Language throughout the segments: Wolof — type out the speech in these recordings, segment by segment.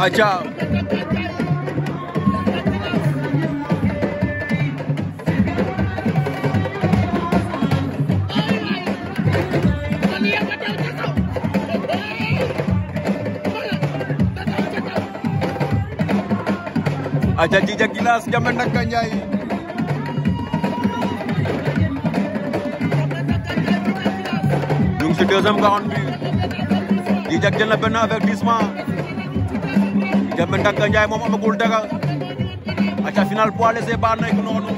aca aca Djidja Guinass Ndiamé Ndaka Ndiaye ñu ngi ci deuxième round bi Djidja jël Kembe Ndaka Ndiaye moom amagul dara aca final poids léger ba nekk noonu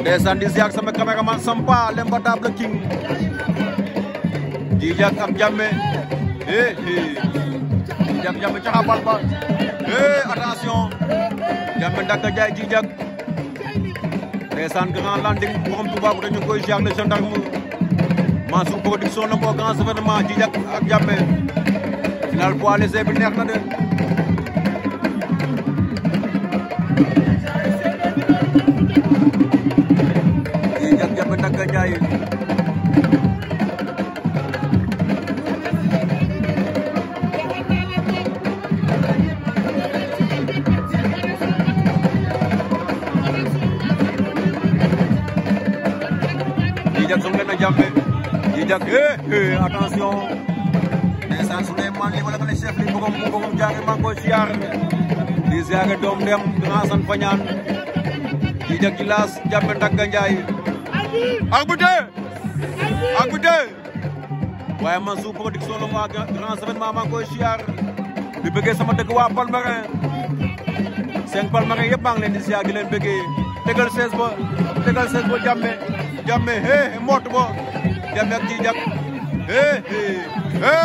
ndeysaan di ziar sama caméraman Sampa l'imbattable king di jak ak jàmme eh eh di jak jàmme ca xabal ba eh attention Kembe Ndaka Ndiaye di jak ndeysaan grand landing borom tubaab dañu koy ziar le gendarme Mansour production la ko grand événement di jak ak jàmme final poids léger bi neex na de kii jag-jag Ndaka Ndiaye kii jag Sokhléna Ndiambé kii jag eh eh attention man li ma la ko ne chef li bëggum bëggum jaange maa ngi koy siyaar di siyaare doom dem grand fañaan di jag gilaas jàppe ndagga njaay arbitre arbitre waaye man su production la waa grand maa maa ngi koy siyaar sama dëkk waa Palmarin cinq Palmarin yëpp maa leen di siyaar leen bëggee tegal sees ba tegal sees hee moot ba jàmme ak hee hee